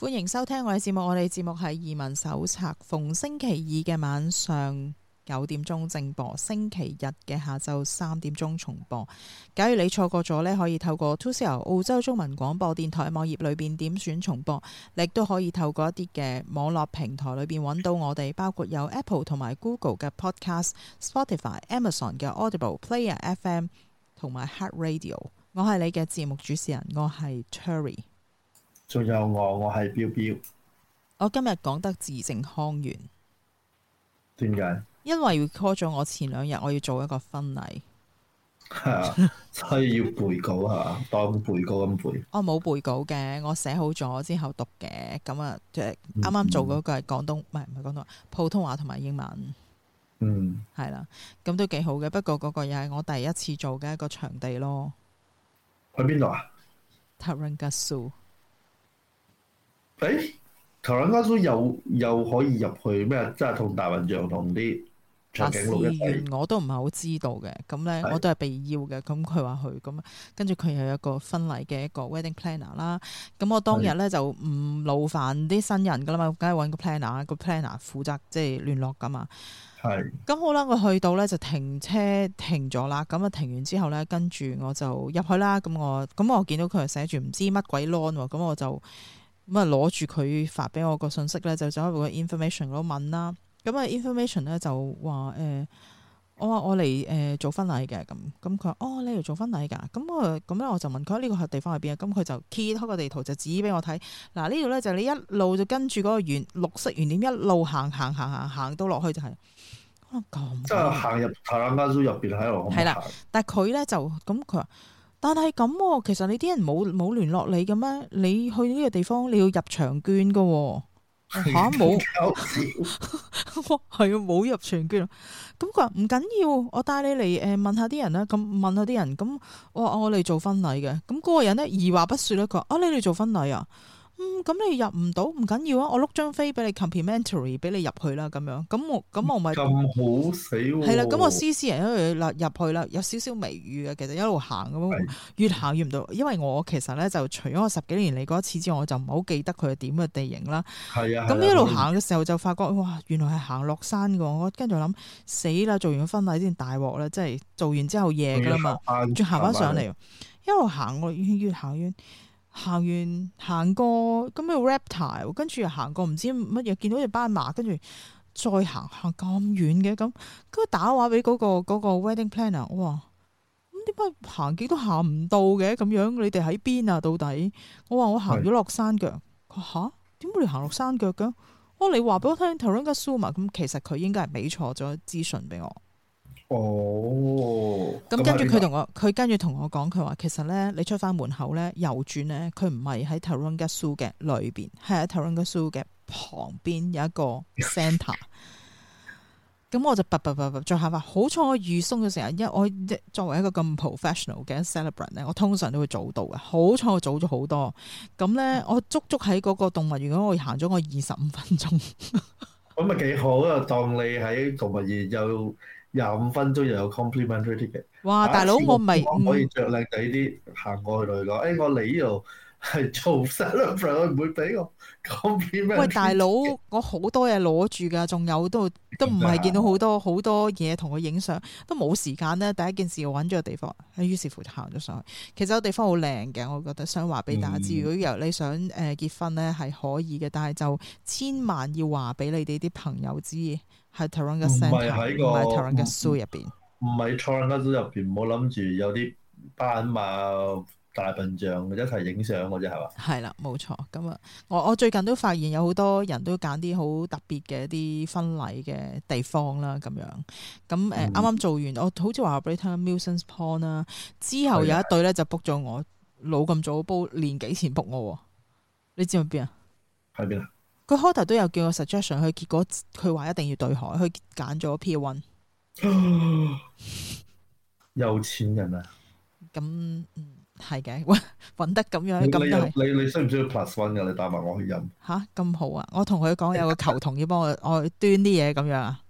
歡迎收聽我哋節目。我哋節目係移民手冊，逢星期二嘅晚上九點鐘正播，星期日嘅下晝三點鐘重播。假如你錯過咗咧，可以透過 Two C L 澳洲中文廣播電台網頁裏邊點選重播，你亦都可以透過一啲嘅網絡平台裏邊搵到我哋，包括有 Apple 同埋 Google 嘅 Podcast、Spotify、Amazon 嘅 Audible、Player FM 同埋 Heart Radio。我係你嘅節目主持人，我係 Terry。仲有我，我係彪彪。我今日講得字正腔圓，點解？因為 call 咗我前兩日，我要做一個婚禮，係啊，所以要背稿啊，當背稿咁背。我冇背稿嘅，我寫好咗之後讀嘅。咁啊，即係啱啱做嗰個係廣東，唔係唔係廣東話，普通話同埋英文。嗯，係啦，咁都幾好嘅。不過嗰個又係我第一次做嘅一個場地咯。去邊度啊 Tangerine。誒、欸，頭兩家都又又可以入去咩？即係同大雲像同啲長頸鹿一齊、啊、我都唔係好知道嘅。咁咧，是我都係被邀嘅。咁佢話去咁啊，跟住佢有一個婚禮嘅一個 Wedding Planner 啦。咁我當日咧就唔勞煩啲新人噶啦嘛，梗係揾個 Planner 個 Planner 負責即係聯絡噶嘛。係咁是好啦，我去到咧就停車停咗啦。咁啊停完之後咧，跟住我就入去啦。咁我咁我見到佢寫住唔知乜鬼 Lawn 喎，咁我就。咁啊，攞住佢發俾我個信息咧，就走去個 information 度問啦。咁、那、啊、個、，information 咧就話誒、欸，我話我嚟誒、呃、做婚禮嘅咁，咁佢話哦，你嚟做婚禮㗎？咁啊，咁咧我就問佢呢、這個地方喺邊啊？咁佢就揭開個地圖就指俾我睇。嗱、啊，呢度咧就是、你一路就跟住嗰個圓綠色圓點一路行行行行行到落去就係、是。咁即係行入泰坦尼克入邊喺度。係啦，但係佢咧就咁佢話。但係咁、啊，其實你啲人冇冇聯絡你嘅咩？你去呢個地方你要入場券噶、啊？吓、啊、冇，我係 啊冇入場券。咁佢話唔緊要，我帶你嚟，誒問下啲人啦。咁問下啲人，咁、啊、我我哋做婚禮嘅。咁嗰個人咧二話不說咧，佢話啊你哋做婚禮啊！嗯，咁你入唔到，唔緊要啊！我碌張飛俾你 complimentary 俾你入去啦，咁樣，咁我咁我咪咁好死喎！係啦，咁我施施然咗入入去啦，有少少微雨啊。其實一路行咁樣，越行越唔到，因為我其實咧就除咗我十幾年嚟嗰一次之外，我就唔好記得佢係點嘅地形啦。係啊，咁一路行嘅時候就發覺哇，原來係行落山嘅喎！我跟住諗死啦，做完婚禮先大鑊啦，即係做完之後夜㗎啦嘛，仲行翻上嚟，一路行我越行越。越行完行過，咁又 reptile 跟住又行過唔知乜嘢，見到隻斑馬，跟住再行行咁遠嘅，咁，佢打話俾嗰、那個、那個 wedding planner，我哇，咁點解行極都行唔到嘅？咁樣你哋喺邊啊？到底？我話我行咗落山腳，佢話吓，點、啊、會你行落山腳嘅？啊、你我嚟話俾我聽，頭先個 summer 咁其實佢應該係俾錯咗資訊俾我。哦，咁跟住佢同我，佢跟住同我講，佢話其實咧，你出翻門口咧，右轉咧，佢唔係喺 Taronga Zoo 嘅裏邊，係喺 Taronga Zoo 嘅旁邊有一個 Centre。咁、 嗯、我就卜卜卜卜再行，好彩我預鬆咗成日，因為我作為一個咁 professional 嘅 Celebrant 咧，我通常都會早到嘅。好彩我早咗好多。咁咧，嗯、我足足喺嗰個動物園嗰度行咗我二十五分鐘。咁咪幾好啊！當你喺動物園又～廿五分鐘又有 complimentary ticket。哇，大佬我唔係可以着靚仔啲行過去度去、哎、我嚟呢度係做 celebrant，唔會俾我喂，大佬，我好多嘢攞住㗎，仲有都都唔係見到好多好多嘢同佢影相，都冇時間咧。第一件事我揾咗個地方，於是乎就行咗上去。其實個地方好靚嘅，我覺得想話俾大家知。嗯、如果由你想誒結婚咧，係可以嘅，但係就千萬要話俾你哋啲朋友知。喺 Taronga Centre，唔係喺個 Taronga Zoo 入邊，唔係 Taronga Zoo 入邊，唔好諗住有啲斑馬大笨象一齊影相嘅啫，係嘛？係啦，冇錯。咁啊，我我最近都發現有好多人都揀啲好特別嘅一啲婚禮嘅地方啦，咁樣。咁誒，啱、呃、啱、嗯、做完，我好似話俾你聽，Miltons Pond 啦。Ond，之後有一對咧的就 book 咗我，老咁早 book，年幾前 book 我？你知唔知邊啊？喺邊啊？佢開頭都有叫我 suggestion，佢結果佢話一定要對海，去揀咗 P one。有錢人啊！咁係嘅，搵得咁樣咁都係。你需唔需要 plus one 嘅？你帶埋我去飲。吓咁、啊、好啊！我同佢講有個球童要幫我 我端啲嘢咁樣 啊。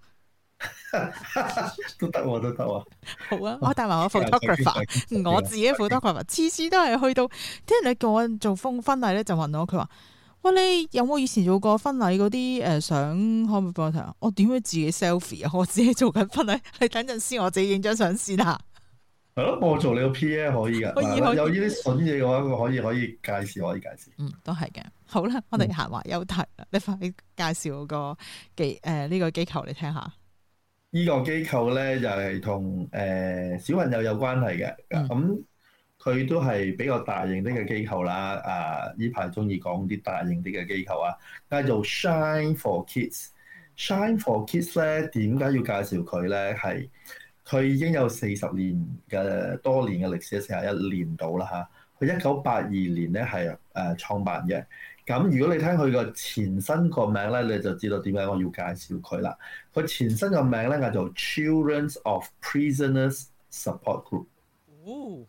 都得我都得啊。 好啊，我帶埋我 photographer，我自己負責 photographer。次次都係去到，聽你叫我做婚婚禮咧，就問我佢話。喂，你有冇以前做過婚禮嗰啲誒？想可唔可以幫我睇下？我點樣自己 selfie 啊？我自己做緊婚禮，你等陣先，我自己影張相先啦，啊。係咯、嗯，我做你個 P.S. 可以噶，有呢啲筍嘢嘅話，我可以可以介紹，可以介紹。介紹，嗯，都係嘅。好啦，我哋閒話休題啦、嗯，你快啲介紹個機誒呢個機構你聽，聽下。個機呢個機構咧就係同誒小朋友有關係嘅，咁、嗯。嗯佢都係比較大型啲嘅機構啦，啊！依排中意講啲大型啲嘅機構啊，叫做 Shine for Kids。Shine for Kids 咧點解要介紹佢咧？係佢已經有四十年嘅多年嘅歷史，四十一年到啦嚇。佢一九八二年咧係誒創辦嘅。咁如果你聽佢個前身個名咧，你就知道點解我要介紹佢啦。佢前身個名咧叫做 Childrens of Prisoners Support Group。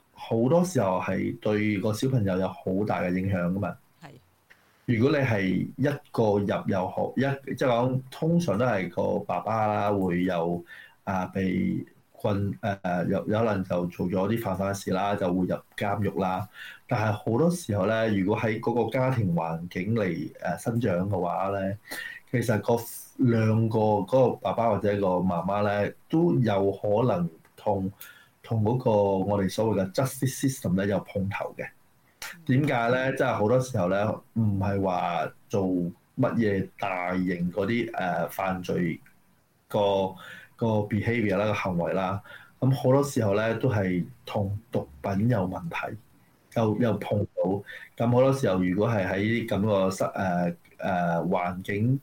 好多時候係對個小朋友有好大嘅影響噶嘛。係的。如果你係一個入又學一，即係講通常都係個爸爸啦，會有啊被困誒、啊，有有可能就做咗啲犯法事啦，就會入監獄啦。但係好多時候咧，如果喺嗰個家庭環境嚟誒生長嘅話咧，其實個兩個嗰個爸爸或者個媽媽咧都有可能痛。同嗰個我哋所謂嘅 justice system 咧，有碰頭嘅，點解咧？即係好多時候咧，唔係話做乜嘢大型嗰啲誒犯罪個個 behaviour 啦個行為啦。咁好多時候咧都係同毒品有問題，又又碰到咁好多時候。如果係喺咁個室誒誒環境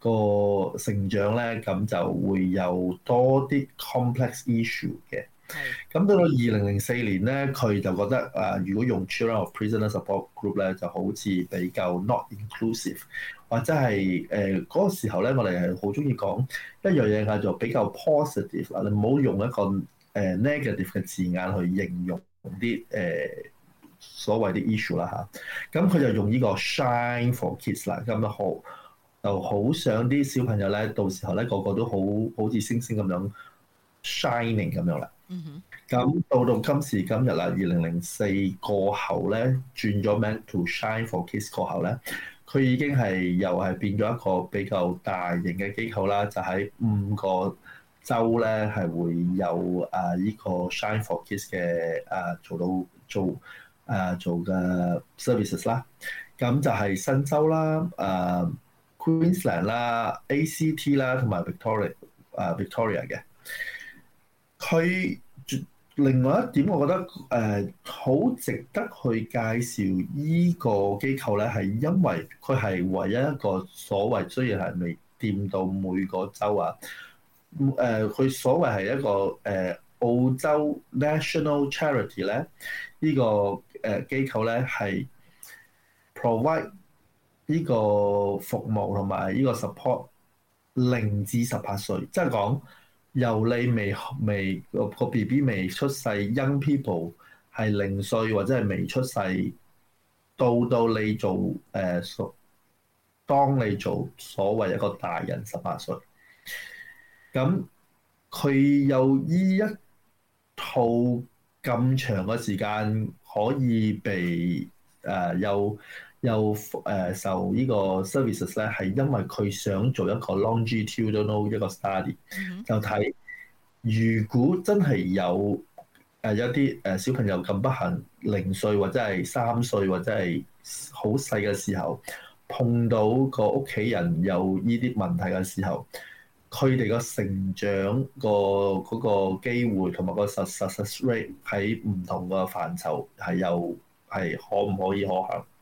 個成長咧，咁就會有多啲 complex issue 嘅。咁、嗯、到到二零零四年咧，佢就覺得誒、啊，如果用 Children of Prisoner Support Group 咧，就好似比較 not inclusive，或者係誒嗰個時候咧，我哋係好中意講一樣嘢嗌做比較 positive，你唔好用一個誒、呃、negative 嘅字眼去形容啲誒、呃、所謂啲 issue 啦嚇。咁、啊、佢就用呢個 Shine for Kids 啦，咁好就好想啲小朋友咧，到時候咧個個都好好似星星咁樣 shining 咁樣啦。咁到、嗯、到今時今日啦，二零零四過後咧，轉咗名，to Shine for Kids 過後咧，佢已經係又係變咗一個比較大型嘅機構啦，就喺五個州咧係會有啊依、這個 Shine for Kids 嘅啊做到啊做啊做嘅 services 啦，咁就係新州啦、啊 Queensland 啦、ACT 啦同埋 Vict Victoria 啊 Victoria 嘅。佢另外一點，我覺得誒好、呃、值得去介紹依個機構咧，係因為佢係唯一一個所謂，雖然係未掂到每個州啊，誒、呃、佢所謂係一個誒、呃、澳洲 National Charity 咧，呢、這個誒、呃、機構咧係 provide 呢個服務同埋呢個 support 零至十八歲，即係講，就是由你未未、嗰個 B B 未出世，Young people 係零歲或者係未出世，到到你做誒所、呃、當你做所謂一個大人十八歲，咁佢有依一套咁長嘅時間可以被誒、呃、有。又誒受呢個 services 咧，係因為佢想做一個 longitudinal 一個 study，、mm hmm. 就睇如果真係有誒一啲誒小朋友咁不幸零歲或者係三歲或者係好細嘅時候，碰到個屋企人有呢啲問題嘅時候，佢哋個成長個嗰個機會個同埋個 success rate 喺唔同個範疇係有係可唔可以可行？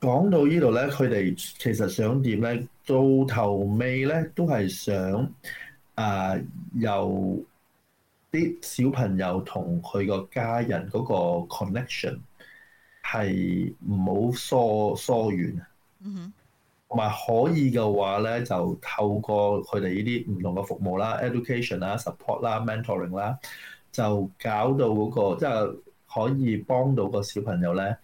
講到呢度咧，佢哋其實想點咧？到頭尾咧，都係想啊、呃，由啲小朋友同佢個家人嗰個 connection 係唔好疏疏遠同埋、mm hmm. 可以嘅話咧，就透過佢哋呢啲唔同嘅服務啦、education 啦、support 啦、mentoring 啦，就搞到嗰、那個即係、就是、可以幫到個小朋友咧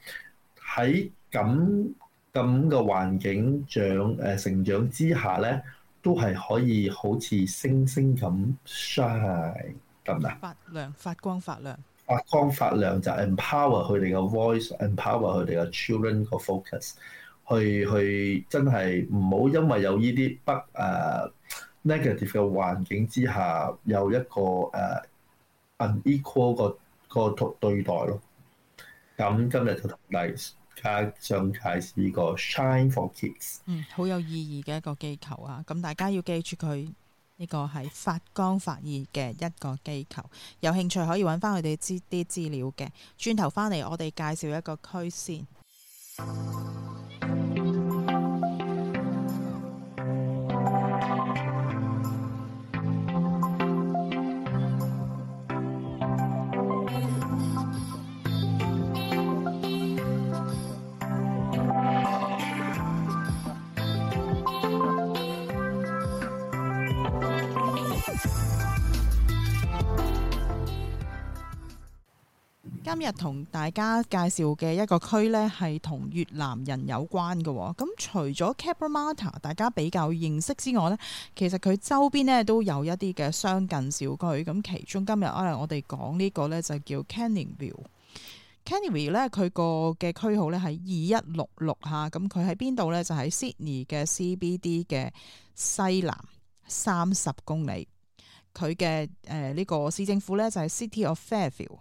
喺。咁咁嘅環境長誒、呃、成長之下咧，都係可以好似星星咁 shine 得唔得？發亮、發光發亮，發光發亮就 empower 佢哋嘅 voice，empower 佢哋嘅 children 個 focus，去去真係唔好因為有呢啲不誒、uh, negative 嘅環境之下有一個誒、uh, unequal 個個對待咯。咁今日就同、nice、大嗯，好有意義嘅一個機構啊！咁、嗯、大家要記住佢呢個係發光發熱嘅一個機構，有興趣可以揾翻佢哋之啲資料嘅。轉頭翻嚟，我哋介紹一個區先。嗯今日同大家介紹嘅一個區咧，係同越南人有關嘅，哦。咁除咗 Cabramatta 大家比較認識之外咧，其實佢周邊咧都有一啲嘅相近小區。咁其中今日啊，我哋講呢個咧就叫 Canley Vale。Canley Vale 咧，佢個嘅區號咧係二一六六嚇。咁佢喺邊度咧？就喺、是、Sydney 嘅 CBD 嘅西南三十公里。佢嘅誒呢個市政府咧就係、是、City of Fairfield。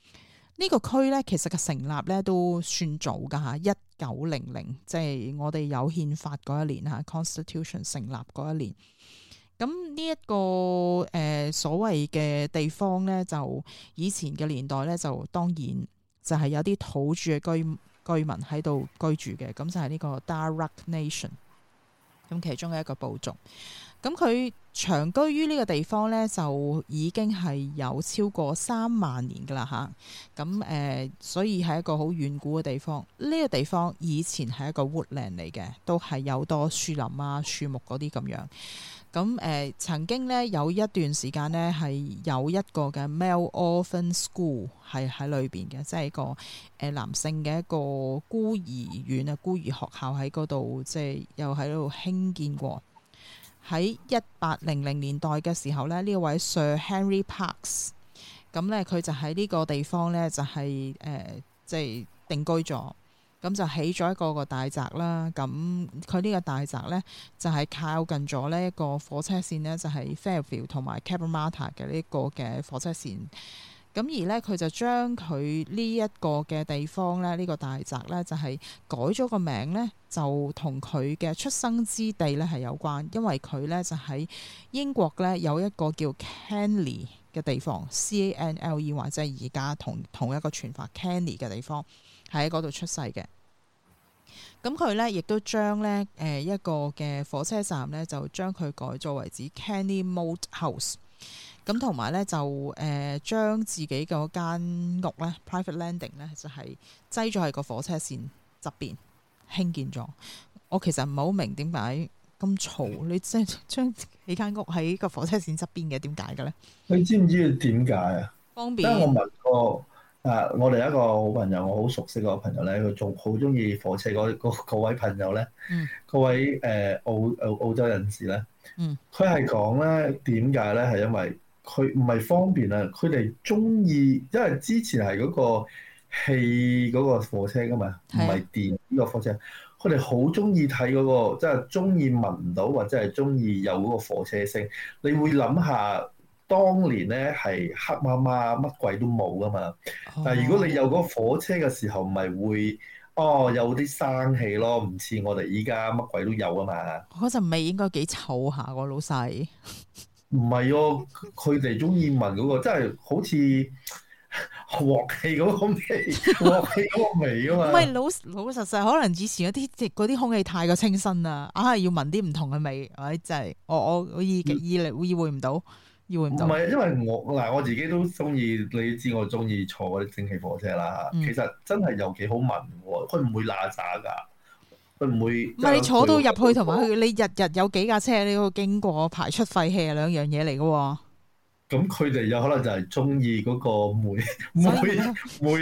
呢個區咧，其實嘅成立咧都算早㗎嚇，一九零零即係我哋有憲法嗰一年嚇，Constitution 成立嗰一年。咁呢一個誒、呃、所謂嘅地方咧，就以前嘅年代咧，就當然就係有啲土著嘅居居民喺度居住嘅，咁就係呢個 Darug Nation 咁其中嘅一個部族。咁佢長居於呢個地方咧，就已經係有超過三萬年噶啦吓，咁誒，所以係一個好遠古嘅地方。呢個地方以前係一個 woodland 嚟嘅，都係有多樹林啊、樹木嗰啲咁樣。咁誒，曾經咧有一段時間咧係有一個嘅 male orphan school 係喺裏邊嘅，即係一個誒男性嘅一個孤兒院啊，孤兒學校喺嗰度，即係又喺度興建過。喺一八零零年代嘅時候咧，呢位 Sir Henry Parks，咁呢，佢就喺呢個地方呢、就係呃，就係誒即係定居咗，咁就起咗一個個大宅啦。咁佢呢個大宅呢，就係靠近咗呢一個火車線呢就係 Fairfield 同埋 Cabramatta 嘅呢個嘅火車線。咁而咧，佢就將佢呢一個嘅地方咧，呢、這個大宅咧，就係、是、改咗個名咧，就同佢嘅出生之地咧係有關，因為佢咧就喺英國咧有一個叫 Canley 嘅地方，C A N L E，或者係而家同同一個傳法 Canley 嘅地方，喺嗰度出世嘅。咁佢咧亦都將咧誒一個嘅火車站咧，就將佢改作為指 Canley m o t e House。咁同埋咧就誒，將、呃、自己嗰間屋咧，private landing 咧，就係擠咗喺個火車線側邊興建咗。我其實唔係好明點解咁嘈， 你即係將起間屋喺個火車線側邊嘅，點解嘅咧？你知唔知點解啊？方便。因為我問過誒，我哋一個好朋友，我好熟悉個朋友咧，佢仲好中意火車個位朋友咧，嗯，各位誒澳澳澳洲人士咧，嗯，佢係講咧點解咧？係因為。佢唔係方便啊！佢哋中意，因為之前係嗰個汽嗰個火車噶嘛，唔係電呢個火車。佢哋好中意睇嗰個，即係中意聞到或者係中意有嗰個火車聲。你會諗下，嗯、當年咧係黑麻麻，乜鬼都冇噶嘛。但係如果你有嗰個火車嘅時候，咪會哦有啲生氣咯，唔似我哋依家乜鬼都有啊嘛。嗰陣味應該幾臭下喎，老細。 唔係哦，佢哋中意聞嗰、嗰個，真係好似鑊氣嗰個味， 鑊氣嗰個味啊嘛。唔係 老老實實，可能以前嗰啲嗰啲空氣太過清新啦，硬、啊、係要聞啲唔同嘅味，或者真係我我我意意嚟意會唔到，意會唔到。唔係，因為我嗱我自己都中意，你知我中意坐嗰啲蒸汽火車啦。嗯、其實真係又幾好聞、啊，佢唔會嗱喳㗎。唔會，唔係不你坐到入去，同埋佢你日日有幾架車喺度經過，排出廢氣，兩樣嘢嚟嘅。咁佢哋有可能就係中意嗰個煤煤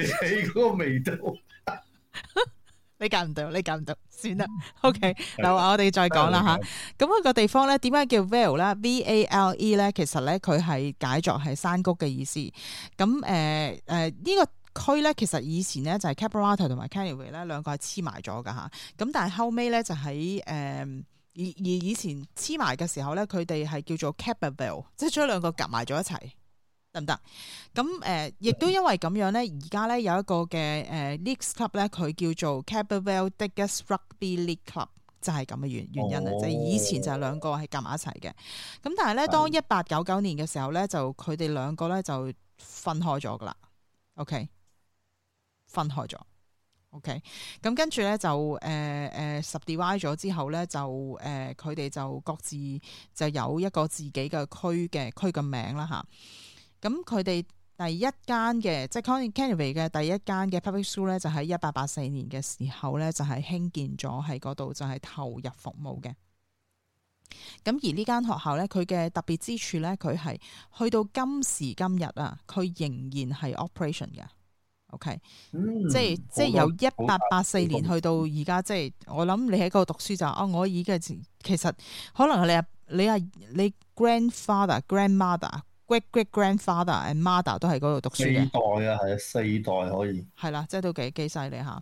氣嗰個味道。 你揀唔到，你揀唔到，算啦。OK，嗱我哋再講啦吓。咁啊的個地方咧，點解叫 vale 啦 v, v A L E 咧，其實咧佢係解作係山谷嘅意思。咁誒誒呢個。區咧，其實以前咧就係 Cabramatta 同埋 Canley Vale 咧兩個係黐埋咗噶吓。咁但係後尾咧就喺誒以以前黐埋嘅時候咧，佢哋係叫做 Cabravale 即係將兩個夾埋咗一齊，得唔得？咁誒、呃、亦都因為咁樣咧，而家咧有一個嘅誒 Leagues Club 咧，佢叫做 Cabravale Diggers Rugby League Club，就係咁嘅原原因啦，即係、哦、以前就係兩個係夾埋一齊嘅，咁但係咧當一八九九年嘅時候咧，嗯、就佢哋兩個咧就分開咗噶啦，OK。分開咗，OK，咁跟住咧就誒誒 subdivide 咗之後咧就誒佢哋就各自就有一個自己嘅區嘅區嘅名啦吓，咁佢哋第一間嘅即係 Canley Vale 嘅第一間嘅 public school 咧，就喺一八八四年嘅時候咧，就係興建咗喺嗰度就係投入服務嘅。咁而呢間學校咧，佢嘅特別之處咧，佢係去到今時今日啊，佢仍然係 operation 嘅。O.K. 即係多即係由一八八四年去到而家，即係多我諗你喺嗰度讀書就啊，我已經其實可能你阿你阿你 grandfather、grandmother grand、great great grandfather、grandmother 都喺嗰度讀書嘅四代啊，係啊，四代可以係啦，即係都幾幾犀利吓。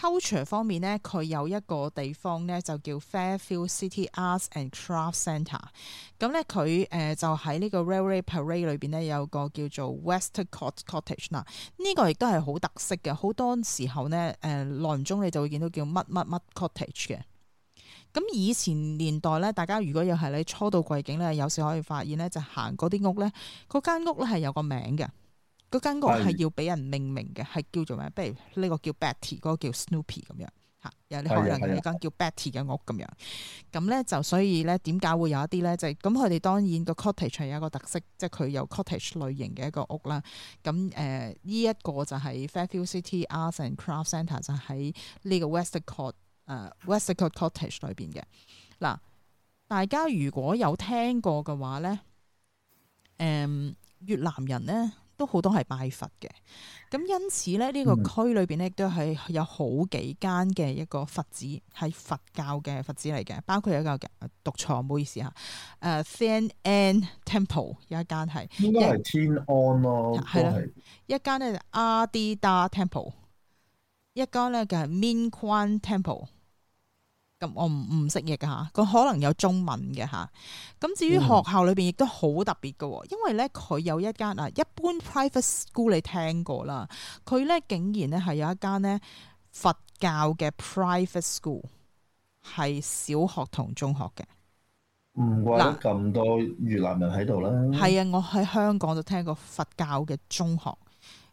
culture 方面呢，佢有一個地方呢，就叫 Fairfield City Arts and Craft Centre。咁呢，佢誒就喺呢個 Railway Parade 裏邊呢，有個叫做 Westcott Cottage 嗱，呢個亦都係好特色嘅。好多時候呢，誒，耐唔中你就會見到叫乜乜乜 Cottage 嘅。咁以前年代呢，大家如果又係你初到貴境呢，有時可以發現呢，就行嗰啲屋呢，嗰間屋呢係有個名嘅。嗰間屋係要俾人命名嘅，係是叫做咩？比如呢個叫 Betty，嗰個叫 Snoopy 咁樣嚇。的有啲可能嗰間叫 Betty 嘅屋咁樣。咁咧就所以咧，點解會有一啲咧？就係咁佢哋當然個 cottage 係有一個特色，即係佢有 cottage 類型嘅一個屋啦。咁誒，呢、呃、一、這個就喺 Fairfield City Arts and Craft Centre 就喺呢個 Westcott 誒、呃、Westcott Cottage 裏邊嘅。嗱，大家如果有聽過嘅話咧，誒、呃、越南人咧。都好多係拜佛嘅，咁因此咧呢、這個區裏邊咧亦都係有好幾間嘅一個佛寺，係、嗯、佛教嘅佛寺嚟嘅，包括有一個讀錯，唔好意思嚇，誒 Thien An Temple 有一間係，應該係天安咯、啊，係咯一，一間咧就 Adida Temple，一間咧就係 Minquan Temple。咁、嗯、我唔唔識譯嘅嚇，佢可能有中文嘅嚇。咁至於學校裏邊亦都好特別嘅喎，因為咧佢有一間啊一般 private school 你聽過啦，佢咧竟然咧係有一間咧佛教嘅 private school 係小學同中學嘅，唔怪得咁多越南人喺度啦。係啊，我喺香港就聽過佛教嘅中學。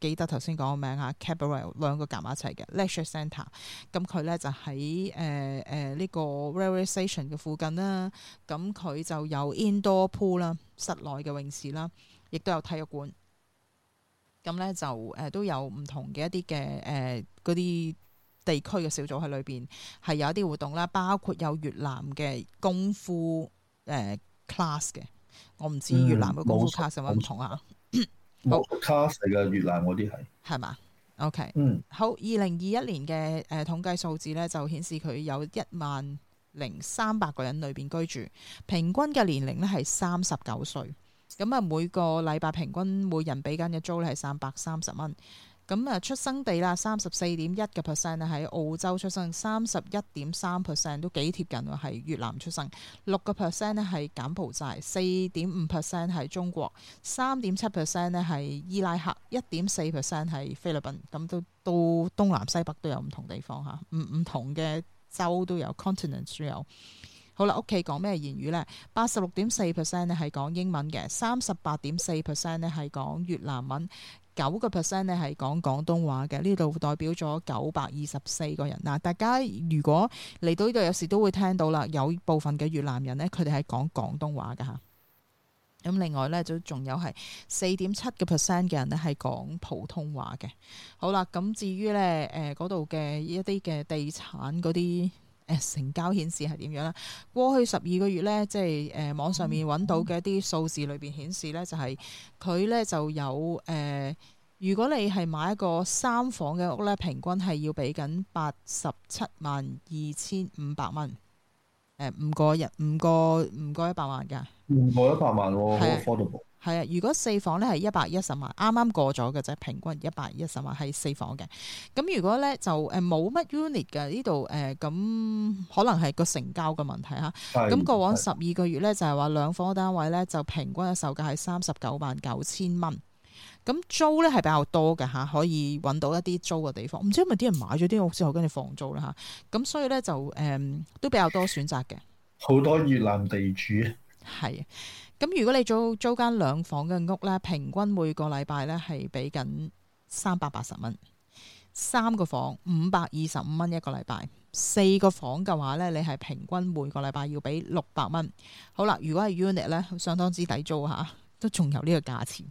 記得頭先講個名啊，Cabravale 兩個夾埋一齊嘅。Leisure Centre 咁佢咧就喺誒誒呢個 Railway Station 嘅附近啦。咁佢就有 Indoor Pool 啦，室內嘅泳池啦，亦都有體育館。咁咧就誒、呃、都有唔同嘅一啲嘅誒嗰啲地區嘅小組喺裏邊，係有一啲活動啦，包括有越南嘅功夫誒、呃、class 嘅。我唔知越南嘅功夫 class、嗯、有乜唔同啊？ 好卡細噶越南嗰啲係係嘛，OK 嗯好，二零二一年嘅誒、呃、統計數字咧就顯示佢有一萬零三百個人裏邊居住，平均嘅年齡咧係三十九歲，咁、嗯、啊每個禮拜平均每人俾緊嘅租咧係三百三十蚊。咁啊，出生地啦，三十四點一嘅 percent 咧喺澳洲出生，三十一點三 percent 都幾貼近喎，係越南出生，六個 percent 咧係柬埔寨，四點五 percent 係中國，三點七 percent 咧係伊拉克，一點四 percent 係菲律賓，咁都都東南西北都有唔同地方吓，唔唔同嘅州都有，continent 都有。好啦，屋企講咩言語咧？八十六點四 percent 咧係講英文嘅，三十八點四 percent 咧係講越南文。九個 percent 咧係講廣東話嘅，呢度代表咗九百二十四個人嗱。大家如果嚟到呢度，有時都會聽到啦，有部分嘅越南人呢，佢哋係講廣東話㗎吓。咁另外呢，就仲有係四點七個 percent 嘅人咧係講普通話嘅。好啦，咁至於呢誒嗰度嘅一啲嘅地產嗰啲。誒成交顯示係點樣咧？過去十二個月咧，即係誒網上面揾到嘅啲數字裏邊顯示咧，就係佢咧就有誒、呃，如果你係買一個三房嘅屋咧，平均係要俾緊八十七萬二千五百蚊。誒唔過日唔過唔過一百萬㗎。唔過一百萬。係啊，如果四房咧係一百一十萬，啱啱過咗嘅就係，平均一百一十萬係四房嘅。咁如果咧就誒冇乜 unit 嘅呢度誒，咁、呃、可能係個成交嘅問題吓。咁的過往十二個月咧就係話兩房嘅單位咧就平均嘅售價係三十九萬九千蚊。咁租咧係比較多嘅吓，可以搵到一啲租嘅地方。唔知係咪啲人買咗啲屋之後跟住放租啦，吓。咁所以咧就誒、呃、都比較多選擇嘅。好多越南地主。係。咁如果你租租間兩房嘅屋咧，平均每個禮拜咧係俾緊三百八十蚊，三個房五百二十五蚊一個禮拜，四個房嘅話咧，你係平均每個禮拜要俾六百蚊。好啦，如果係 unit 咧，相當之抵租吓。都仲有呢個價錢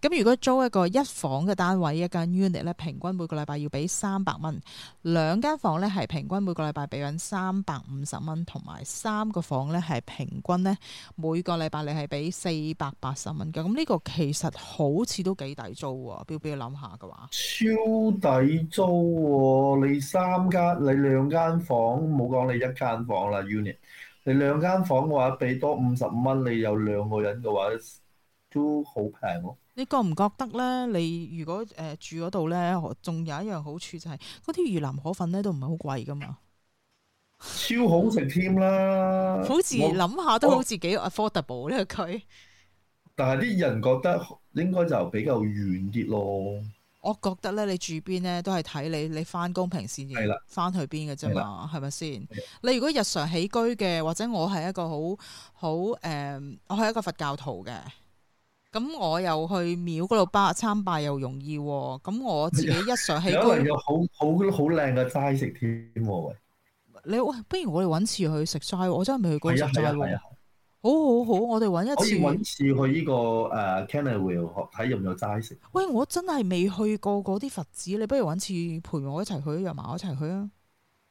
咁。如果租一個一房嘅單位一間 unit 咧，平均每個禮拜要俾三百蚊；兩間房咧係平均每個禮拜俾緊三百五十蚊，同埋三個房咧係平均咧每個禮拜你係俾四百八十蚊嘅。咁呢個其實好似都幾抵租喎。Bill Bill 你諗下嘅話，超抵租喎！你三間你兩間房冇講你一間房啦，unit 你兩間房嘅話俾多五十蚊，你有兩個人嘅話。都好平喎。你覺唔覺得呢？你如果誒、呃、住嗰度，就是，呢，仲有一樣好處就係嗰啲魚腩河粉呢都唔係好貴噶嘛。超好食添啦， 好似諗下都好似幾 affordable 呢個區。但係啲人覺得應該就比較遠啲咯。我覺得呢，你住邊呢都係睇你你翻工平先至翻去邊嘅啫嘛？係咪先？是是，對你如果日常起居嘅，或者我係一個好好誒，我係一個佛教徒嘅。咁、嗯、我又去廟嗰度拜參拜又容易喎，咁、嗯、我自己一想起、那個，嗰度 有人有好好好靚嘅齋食添喎，你喂，不如我哋揾次去食齋喎，我真係未去過齋、啊啊啊啊、好，好好好，我哋揾一次可以揾次去呢、這個誒 Canley Vale 睇有唔有齋食。喂，我真係未去過嗰啲佛寺，你不如揾次陪我一齊去，約埋我一齊去啊！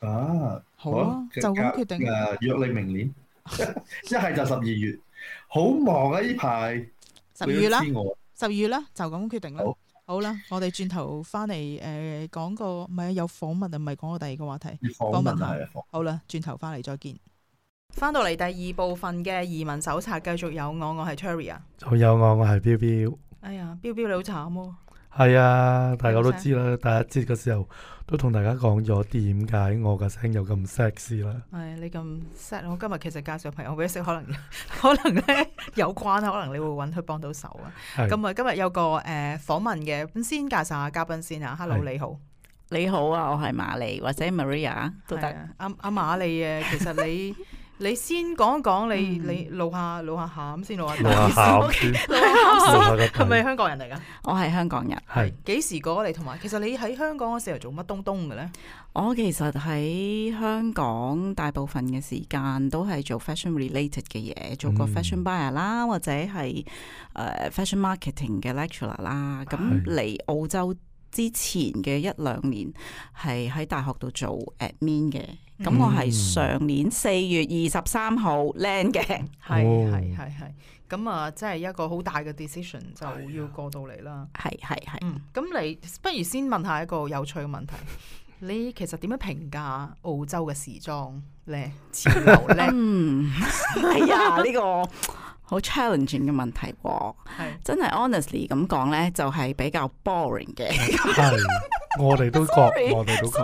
啊，好啊，可就咁決定。誒、呃，約你明年， 一係就十二月，好忙啊！呢排。十二月啦，十二月啦，就咁決定啦。好,好啦，我哋轉頭翻嚟誒，講、呃、個唔係有訪問啊，唔係講個第二個話題。訪問係。問下問好啦，轉頭翻嚟再見。翻到嚟第二部分嘅移民手冊，繼續有我，我係 Tury 啊。仲有我，我係彪彪。哎呀，彪彪你好慘哦、啊。係啊，大家都知啦。 第一節嘅時候都同大家講咗點解我嘅聲又咁 sexy 啦。係你咁 set， 我今日其實介紹朋友俾你識，可能可能咧有關，可能你會揾佢 幫到手啊。咁啊是，今日有個誒、呃、訪問嘅，咁先介紹下嘉賓先嚇。Hello，是你好。你好啊，我係瑪麗或者 Maria 都得。阿阿、啊啊、瑪麗嘅，其實你。 你先講講你、嗯、你露下露下下，咁先露下，露下喊。係咪香港人嚟㗎？我係香港人。係幾是時過嚟？同埋其實你喺香港嗰時嚟做乜東東嘅咧？我其實喺香港大部分嘅時間都係做 fashion related 嘅嘢，做過 fashion buyer 啦、嗯，或者係誒 fashion marketing 嘅 lecturer 啦、嗯。咁嚟澳洲之前嘅一兩年係喺大學度做 admin 嘅。咁、嗯、我係上年四月二十三號 land 嘅，係係係係，咁啊，即係一個好大嘅 decision 就要過到嚟啦。係係係，咁、嗯、你不如先問下一個有趣嘅問題， 你其實點樣評價澳洲嘅時裝呢潮流咧？ 嗯、係、哎、啊、呢、這個好 challenging 嘅問題喎，係的真係 honestly 咁講咧，就係比較 boring 嘅 的。 我哋都覺，Sorry, 我哋都覺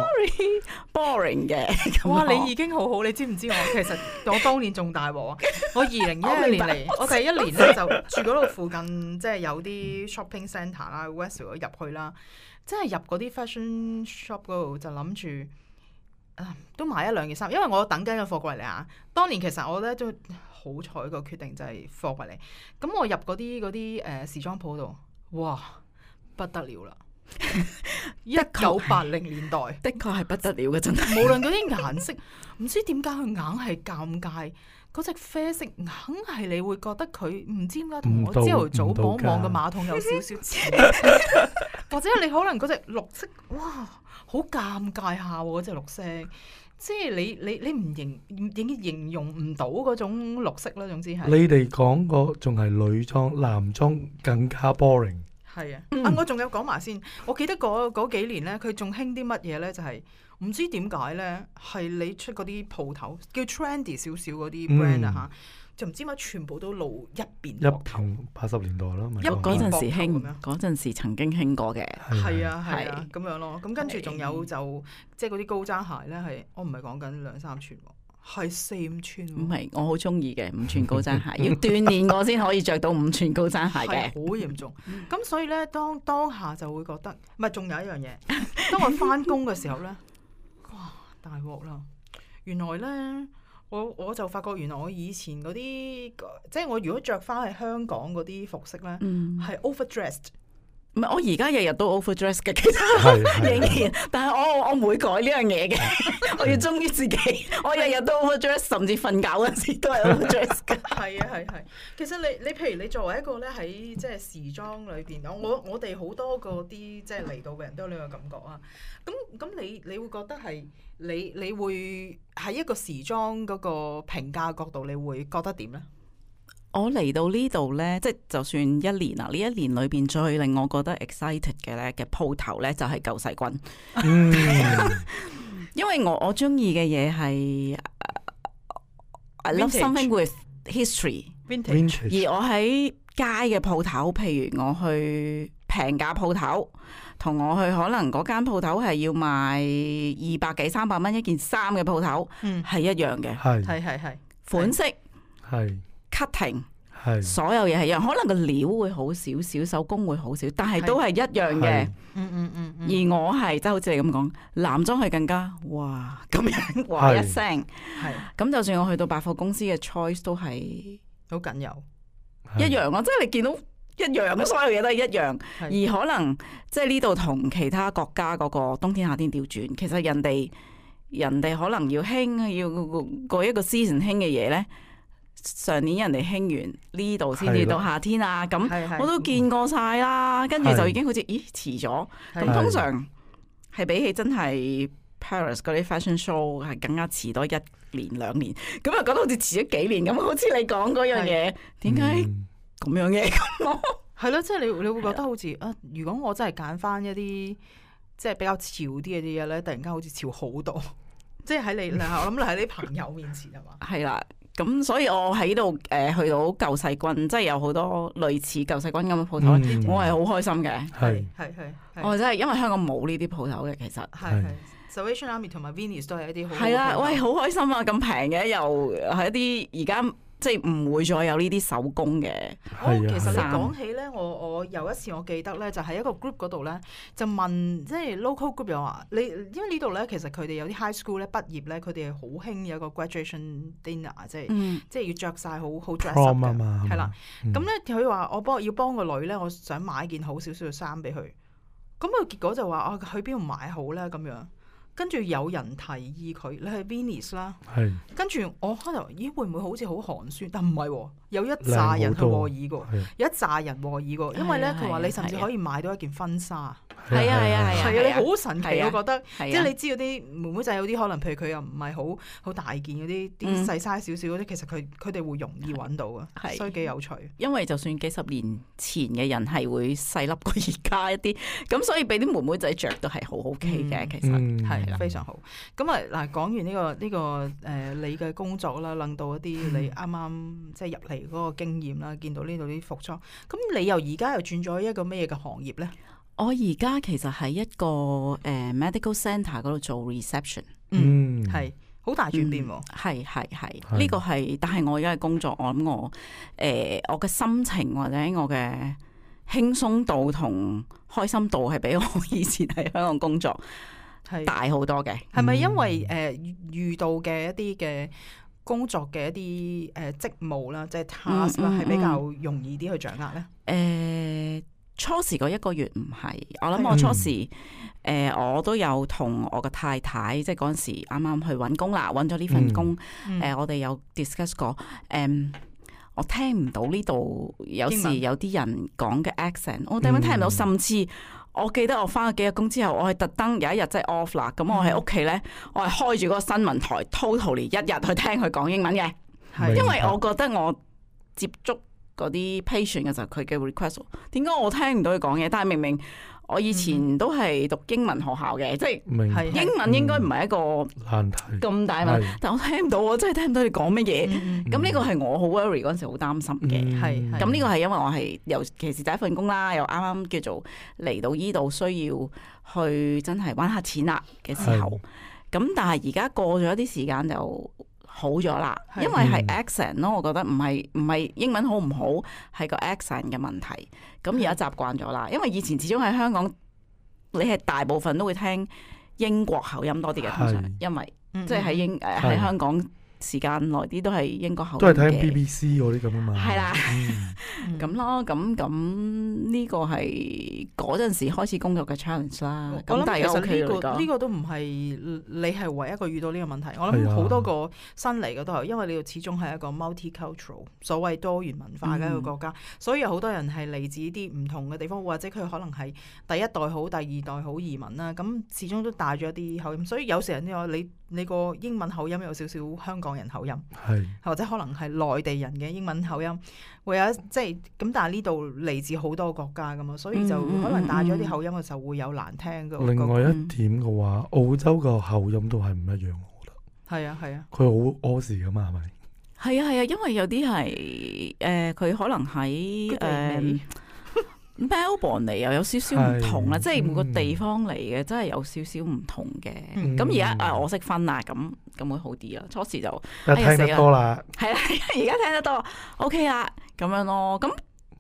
，boring 嘅。Sorry, 哇！你已經好好，你知唔知我？ 其實我當年仲大鑊啊！我二零一一年嚟，我第一年咧就住嗰度附近，即係有啲 shopping centre 啦，Westfield 入去啦，即係入嗰啲 fashion shop 嗰度就諗住，啊，都買一兩件衫，因為我等緊個貨櫃嚟啊！當年其實我咧都好彩個決定就係貨櫃嚟，咁我入嗰啲嗰啲誒時裝鋪度，哇，不得了啦！一九八零年代 的確係不得了嘅，真係。無論嗰啲顏色，唔 知點解佢硬係尷尬。嗰隻 啡色硬係你會覺得佢唔知點解同我朝頭早望望嘅馬桶有少少。或者你可能嗰隻綠色，哇，好尷尬下喎、啊，嗰、那、隻、個、綠色，即係你你你唔形，形，形容唔到嗰種綠色啦。總之係你哋講個仲係女裝、男裝更加 boring。係啊，啊我仲有講埋先，我記得嗰幾年咧，佢仲興啲乜嘢咧？就係唔知點解咧，係你出嗰啲鋪頭叫 trendy 少少嗰啲 brand 啊嚇，就唔知乜全部都露一邊。入頭八十年代咯，咪嗰陣時興，嗰陣時曾經興過嘅。係啊係啊，咁樣咯，咁跟住仲有就即係嗰啲高踭鞋咧，係我唔係講緊兩三寸。係四五寸，啊，唔係我好中意嘅，五寸高踭鞋 要鍛煉我先可以着到五寸高踭鞋嘅，好嚴 重。咁所以咧，當當下就會覺得，唔係仲有一樣嘢，當我翻工嘅時候咧， 哇大鑊啦！原來咧，我我就發覺，原來我以前嗰啲，即係我如果着翻去香港嗰啲服飾咧，係 overdressed，嗯。唔係我而家日日都 over dress 嘅，其實仍然， 但係我我唔會改呢樣嘢嘅。 我要忠於自己，我日日都 over dress，的甚至瞓覺嗰陣時都係 over dress 嘅。係啊係係，其實你你譬如你作為一個咧喺即係時裝裏邊，我我我哋好多嗰啲即係嚟到嘅人都有呢個感覺啊。咁咁你你會覺得係你你會喺一個時裝嗰個評價角度你會覺得點咧？我嚟到呢度呢，即係就算一年啦，呢一年裏邊最令我覺得 excited 嘅呢嘅鋪頭呢，就係救世軍。 因為我我中意嘅嘢係，I love something with history。Vintage. 而我喺街嘅鋪頭，譬如我去平價鋪頭，同我去可能嗰間鋪頭係要賣二百幾三百蚊一件衫嘅鋪頭，嗯，係一樣嘅，係係係款式係。cutting，是所有嘢係一樣，可能個料會好少少，手工會好少，但係都係一樣嘅是、嗯。嗯嗯嗯。而我係即係好似你咁講，男裝係更加哇咁樣哇一聲，係咁是就算我去到百貨公司嘅 choice 都係好緊有，一樣咯、啊，是即係你見到一樣所有嘢都係一樣，是而可能即係呢度同其他國家嗰個冬天夏天調轉，其實人哋人哋可能要輕要過一個 season 輕嘅嘢呢。上年人哋興完呢度先至到夏天啊，咁的我都見過晒啦，跟住的就已經好似咦遲咗咁。的通常係比起真係 Paris 嗰啲 fashion show 係更加遲多一年兩年，咁啊覺得好似遲咗幾年咁，好似你講嗰樣嘢，點解咁樣嘅？係咯的，即係、 就是、你你會覺得好似啊，如果我真係揀翻一啲即係比較潮啲嘅啲嘢咧，突然間好似潮好多，即係喺你我諗喺啲朋友面前係嘛？係啦。 咁、嗯、所以我，我喺度誒去到救世軍，即係有好多類似救世軍咁嘅鋪頭，嗯、我係好開心嘅。係係係，我真係因為香港冇呢啲鋪頭嘅，其實係。是 Salvation Army 同埋 Venice 都係一啲好係啦，喂，好開心啊！咁平嘅又係一啲而家。即係唔會再有呢啲手工嘅。哦，其實你講起咧，我我有一次我記得咧，就喺、是、一個 group 嗰度咧，就問即係 local group 又話你，因為呢度咧其實佢哋有啲 high school 咧畢業咧，佢哋係好興有一個 graduation dinner，即係、嗯、即係要着晒好好 dress 嘅。係啦，咁咧佢話我幫要幫個女咧，我想買一件好少少嘅衫俾佢。咁佢結果就話我、啊、去邊度買好咧咁樣。跟住有人提議佢，你去 Venus 啦。係。跟住我開頭，咦會唔會好似好寒酸？但唔係喎，有一紮人去和爾嘅，有一紮人和爾嘅，因為咧佢話你甚至可以買到一件婚紗。係啊係啊係啊！係啊，你好神奇我覺得。即係你知嗰啲妹妹仔有啲可能，譬如佢又唔係好好大件嗰啲，啲細紗少少嗰啲，其實佢佢哋會容易揾到啊。所以幾有趣。因為就算幾十年前嘅人係會細粒過而家一啲，咁所以俾啲妹妹仔着都係好 OK 嘅，其實係。非常好。咁啊，嗱、這個，講完呢個呢個誒，你嘅工作啦，令到一啲你啱啱即係入嚟嗰個經驗啦， 見到呢度啲服裝，咁你又而家又轉咗一個咩嘅行業咧？我而家其實喺一個誒、呃、medical centre 嗰度做 reception。嗯，係好、嗯、大轉變。係係係，呢是個係，但係我而家嘅工作，我諗我誒、呃、我嘅心情或者我嘅輕鬆度同開心度係比我以前喺香港工作。係大好多嘅。係咪因為誒、呃、遇到嘅一啲嘅工作嘅一啲誒職務啦，即係 task 啦、嗯、係、嗯嗯、比較容易啲去掌握咧？誒、呃，初時嗰一個月唔係，我諗我初時誒、嗯呃、我都有同我個太太，即係嗰陣時啱啱去揾工啦，揾咗呢份工，誒、嗯嗯呃、我哋有 discuss 過，誒、呃、我聽唔到呢度有時有啲人講嘅 accent，文我根本聽唔到，甚至。我記得我翻咗幾日工之後，我係特登有一日真係 off 啦，咁我喺屋企咧，嗯、我係開住嗰個新聞台，totally 一日去聽佢講英文嘅，係白，因為我覺得我接觸嗰啲 patient 嘅時候，佢嘅 request，點解我聽唔到佢講嘢？但係明明。我以前都係讀英文學校嘅，即係英文應該唔係一個難題咁大問、嗯、題，但我聽唔到，我真係聽唔到你講乜嘢。咁呢、嗯嗯、個係我好 worried 嗰時好擔心嘅，係咁呢個係因為我係尤其是第一份工啦，又啱啱叫做嚟到呢度需要去真係搵下錢啦嘅時候，咁是但係而家過咗一啲時間就。好咗啦，是因為係 accent 咯、嗯，我覺得唔係唔係英文好唔好，係個 accent 嘅問題。咁而家習慣咗啦，是因為以前始終喺香港，你係大部分都會聽英國口音多啲嘅，通常是因為即係喺英誒喺是香港。時間耐啲都係英國口音，都係睇 BBC 嗰啲咁啊嘛，係啦的，咁咯、嗯，咁咁呢個係嗰陣時開始工作嘅 challenge 啦。我諗大家呢個都唔係，你係唯一一個遇到呢個問題。的我諗好多個新嚟嘅都係，因為你始終係一個 multicultural，所謂多元文化嘅一個國家，嗯、所以有好多人係嚟自啲唔同嘅地方，或者佢可能係第一代好、第二代好移民啦。咁始終都帶咗一啲口音，所以有時人哋話你。你你個英文口音有少少香港人口音，是或者可能係內地人嘅英文口音，會有即係咁，但係呢度嚟自好多國家噶嘛，所以就可能帶咗啲口音，就會有難聽㗎。另外一點嘅話，嗯、澳洲個口音都係唔一樣，我覺得係啊係啊，佢好屙屎噶嘛係咪？係啊係啊，因為有啲係誒，佢、呃、可能喺誒。Melbourne 嚟又有少少唔同啦，是即係每個地方嚟嘅，嗯、真係有少少唔同嘅。咁而家誒我識分啦，咁咁會好啲啦。初時就聽得多啦，係啦，而家聽得多 OK 啦，咁樣咯。咁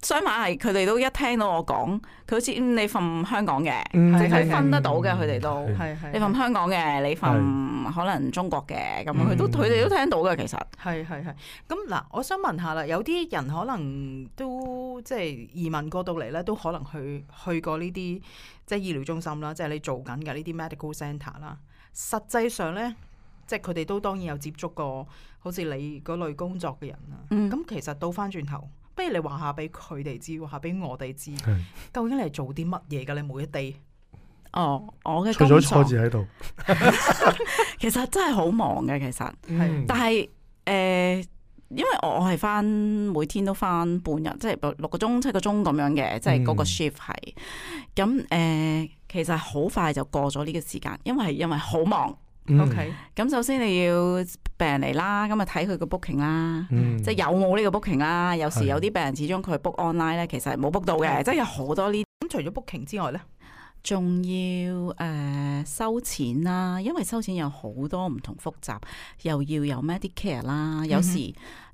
相反係，佢哋都一聽到我講，佢好似你份香港嘅，佢、嗯、分得到嘅。佢哋都，你份香港嘅，你份可能中國嘅，咁佢都佢哋、嗯、都聽到嘅。其實係係係。咁嗱，我想問下啦，有啲人可能都即係移民過到嚟咧，都可能去去過呢啲即係醫療中心啦，即係你做緊嘅呢啲 medical centre 啦。實際上咧，即係佢哋都當然有接觸過好似你嗰類工作嘅人啦。咁、嗯、其實倒返轉頭。不如你話下俾佢哋知，話下俾我哋知，是究竟你係做啲乜嘢噶？你每一 day，哦，我嘅除咗錯字喺度 ，其實真係好忙嘅，其實係，但係誒、呃，因為我係返，每天都返半日，即係六六個鐘、七個鐘咁樣嘅，即係嗰個 shift 係，咁誒、呃，其實好快就過咗呢個時間，因為因為好忙。O K，咁首先你要病人嚟啦，咁啊睇佢個 booking 啦，嗯、即係有冇呢個 booking 啦。嗯、有時有啲病人始終佢 book online 咧，其實冇 book 到嘅，嗯、即係有好多、嗯、呢。咁除咗 booking 之外咧，仲要誒收錢啦，因為收錢有好多唔同複雜，又要有 Medicare 啦，嗯、哼有時。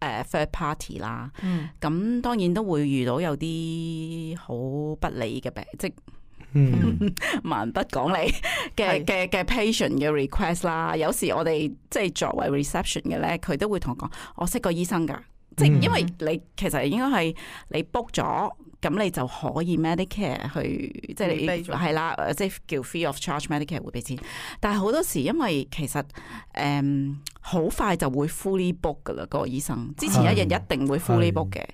誒 fair party 啦、嗯，咁當然都會遇到有啲好不理嘅病，即係蠻不講理嘅嘅嘅 patient 嘅 request 啦是。有時我哋即係作為 reception 嘅咧，佢都會同我講：嗯、我識個醫生㗎，即係因為你、嗯、其實應該係你 book 咗。咁你就可以 Medicare 去即係你係啦，即係叫 free of charge Medicare 會俾錢，但係好多時因為其實誒好快就會 fully book 噶啦，個醫生之前一日一定會 fully book 嘅。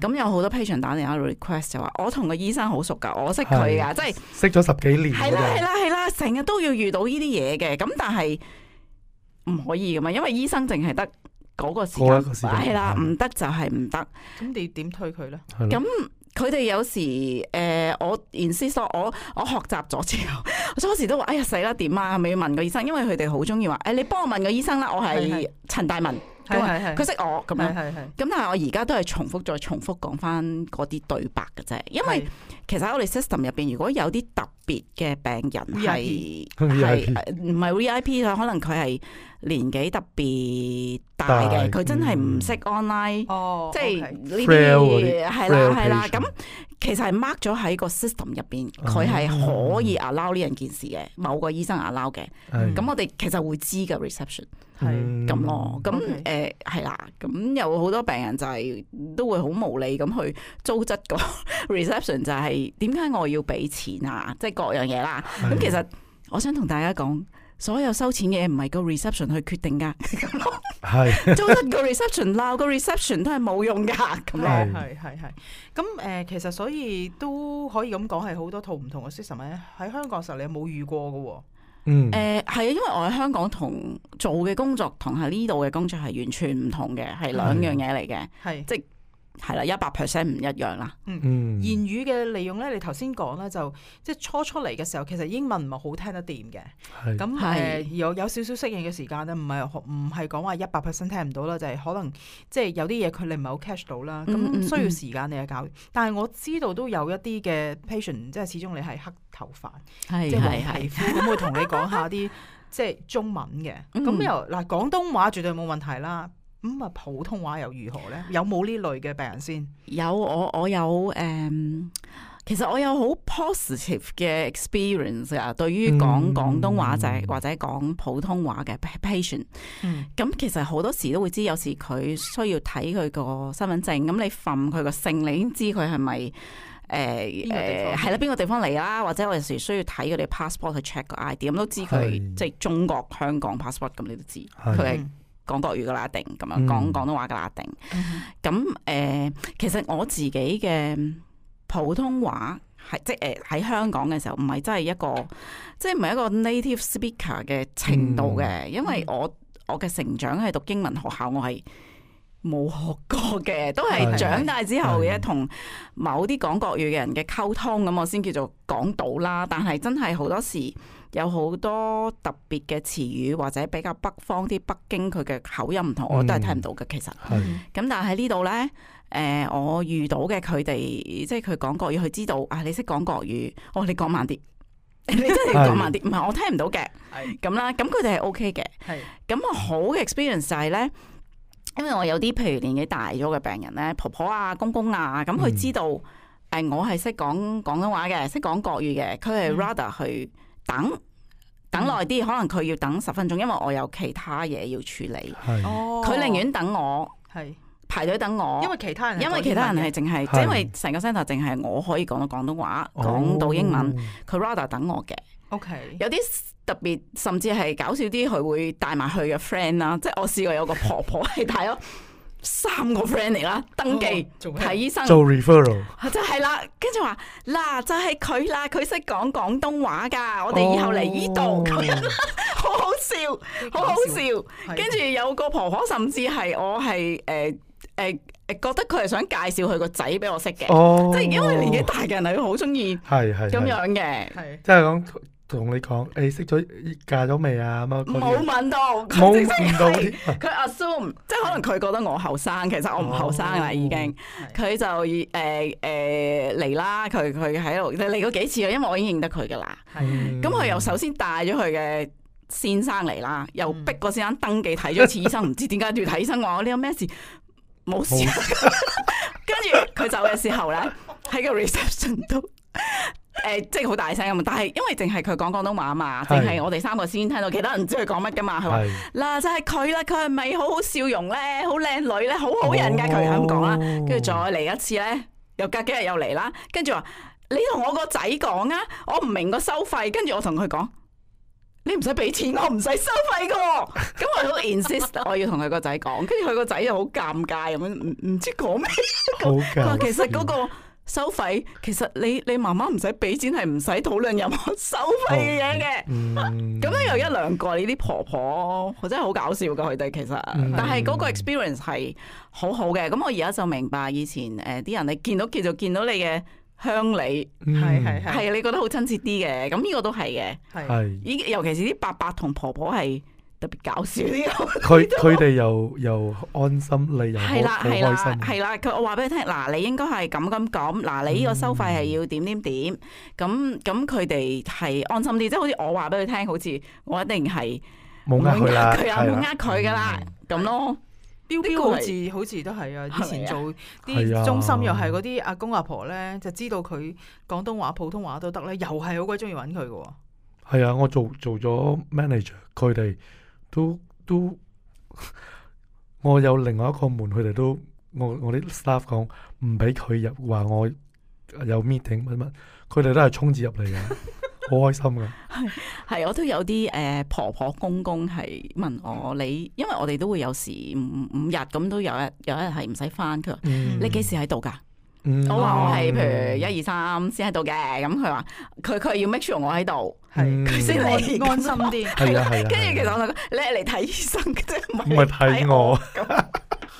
咁有好多 patient 打電話 request 就話我同個醫生好熟噶，我識佢噶，即係識咗十幾年，係啦係啦係啦，成日都要遇到呢啲嘢嘅。咁但係唔可以噶嘛，因為醫生淨係得嗰個時間係啦，唔得就係唔得。咁你點推佢咧？咁佢哋有時誒、呃，我然之後我我學習咗之後，我 初時都話：哎呀，死喇點啊？咪要問個醫生，因為佢哋好中意話：誒、哎，你幫我問個醫生啦！我係陳大文。的 佢識我咁樣，咁但係我而家都係重複再重複講返嗰啲對白嘅啫。因為其實喺我哋 system 入邊，如果有啲特別嘅病人係係唔係 VIP，可能佢係年紀特別大嘅，佢真係唔識 online，即係呢啲係啦係啦。咁其實係 mark 咗喺個 system 入邊，佢係可以 allow 呢樣件事嘅，某個醫生 allow 嘅。咁我哋其實會知嘅 reception。係咁咯，咁誒係啦，咁有好多病人就係都會好無理咁去糟質個呵呵 reception，就係點解我要俾錢啊？即、就、係、是、各樣嘢啦。咁是其實我想同大家講，所有收錢嘅嘢唔係個 reception 去決定噶，係糟質個 reception 鬧個 reception 都係冇用噶。咁係係係，咁誒是、呃，其實所以都可以咁講，係好多套唔同嘅 system 咧。喺香港時候你有冇遇過噶。嗯，誒、呃，係啊，因為我喺香港同做嘅工作同喺呢度嘅工作係完全唔同嘅，係兩樣嘢嚟嘅，係、嗯、即。係啦，一百 percent 唔一樣啦。嗯，言語嘅利用咧，你頭先講啦，就即係初出嚟嘅時候，其實英文唔係好聽得掂嘅。係是，咁係、呃、有有少少適應嘅時間啦，唔係唔係講話一百 percent 聽唔到啦，就係、是、可能即係有啲嘢佢哋唔係好 catch 到啦。咁需要時間你去搞，嗯嗯嗯，但係我知道都有一啲嘅 patient，即係始終你係黑頭髮，是即係黃皮膚，咁會同你講一下啲 即係中文嘅。咁又嗱，廣東話絕對冇問題啦。咁啊，普通話又如何咧？有冇呢類嘅病人先？有我我有誒、嗯，其實我有好 positive 嘅 experience 啊。對於講廣東話就係、嗯、或者講普通話嘅 patient，咁、嗯、其實好多時都會知，有時佢需要睇佢個身份證，咁你搵佢個姓，你已經知佢係咪誒誒係啦，邊、呃、個地方嚟啦？或者我有時需要睇佢哋 passport 去 check 個 ID，咁都知佢的即係中國香港 passport 咁，你都知佢。講國語噶啦一定，咁樣講廣東話噶啦一定。咁誒、嗯呃，其實我自己嘅普通話係，即誒喺、呃、香港嘅時候，唔係真係一個，即係唔係一個 native speaker 嘅程度嘅，嗯、因為我我嘅成長係讀英文學校，我係。冇學過嘅，都係長大之後嘅同某啲講國語嘅人嘅溝通咁，對對我先叫做講到啦。但係真係好多時有好多特別嘅詞語或者比較北方啲北京佢嘅口音唔同，我都係聽唔到嘅。其實，咁對對 但係喺呢度咧，誒、呃，我遇到嘅佢哋即係佢講國語，佢知道啊，你識講國語，哦，你講慢啲，你真係講慢啲，唔係對對 我聽唔到嘅。咁啦、ok，咁佢哋係 O K 嘅。咁我好嘅 experience 就係咧。因為我有啲譬如年紀大咗嘅病人咧，婆婆啊、公公啊，咁佢知道，誒，我係識講廣東話嘅，識講國語嘅，佢係 rather 去等，嗯、等耐啲，可能佢要等十分鐘，因為我有其他嘢要處理，係是，佢寧願等我，係是，排隊等我，因為其他人,人，因為其他人係淨係，是因為成個 centre 淨係我可以講到廣東話，講是到英文，佢 rather 等我嘅，OK，有啲。特別甚至係搞笑啲，佢會帶埋佢嘅 friend 啦，即係我試過有個婆婆係帶咗三個 friend 嚟啦，登記做睇醫生做 referral 就係啦，跟住話嗱就係佢啦，佢識講廣東話噶，我哋以後嚟呢度，好好笑，好好笑，跟住有個婆婆甚至係我係誒誒誒覺得佢係想介紹佢個仔俾我識嘅，即係因為年紀大嘅人係好中意係係咁樣嘅，即係咁。同你講，你、欸、識咗嫁咗未啊？冇問、這個、到，佢 assume，即係可能佢覺得我後生，其實我唔後生啦，已經。佢噢就誒誒嚟啦，佢佢喺度嚟過幾次啦，因為我已經認得佢噶啦。咁佢是、嗯、又首先帶咗佢嘅先生嚟啦，又逼個先生登記睇咗一次醫生，唔知點解仲要睇醫生，話 我你有咩事？冇事，沒事。 跟住佢走嘅時候咧，喺個 reception 度。誒、呃，即係好大聲咁，但係因為淨係佢講廣東話嘛，淨係是我哋三個先聽到，其他人唔知佢講乜噶嘛。佢話，嗱就係佢啦，佢係咪好好笑容咧，好靚女咧，好好人噶、啊。佢咁講啦，跟住再嚟一次咧，又隔幾日又嚟啦，跟住話你同我個仔講啊，我唔明個收費，跟住我同佢講，你唔使俾錢，我唔使收費噶、哦，咁 我好 insist，我要同佢個仔講，跟住佢個仔又好尷尬咁樣，唔唔知講咩， 他 Okay. 其實嗰、嗰個。 收費其實你你媽媽唔使俾錢，係唔使討論任何收費嘅嘢嘅。咁樣、oh, um, 有一兩個你啲婆婆，我真係好搞笑噶，佢哋其實。Um, 但係嗰個 experience 係好好嘅。咁我而家就明白以前誒，啲人你見到其實見到你嘅鄉里，係係係，你覺得好親切啲嘅。咁呢個都係嘅，係是。依是尤其是啲伯伯同婆婆係。特別搞笑，佢佢哋又又安心，你又好開心，係啦，佢我話俾你聽，嗱你應該係咁咁講，嗱你呢個收費係要點點點，咁咁佢哋係安心啲，即係好似我話俾佢聽，好似我一定係冇呃佢啦，佢啊冇呃佢噶啦咁咯，彪彪好似好似都係啊，以前做啲中心又係嗰啲阿公阿婆咧，就知道佢廣東話普通話都得咧，又係好鬼中意揾佢噶，係啊，我做做咗 manager 佢哋。都都，我有另外一個門，佢哋都我我啲 staff 講，唔俾佢入，話我有 meeting 乜乜，佢哋都係衝住入嚟嘅，好 開心嘅。 係係，我都有啲誒、呃、婆婆公公係問我，你因為我哋都會有時五五日咁都有一有一日係唔使翻，佢話、嗯、你幾時喺度㗎？嗯、我話我係譬如一二三先喺度嘅，咁佢話佢佢要 make sure 我喺度，係佢先可以安心啲點。係 啊，跟住其實我諗、啊啊、你係嚟睇醫生，嘅啫，唔係睇我。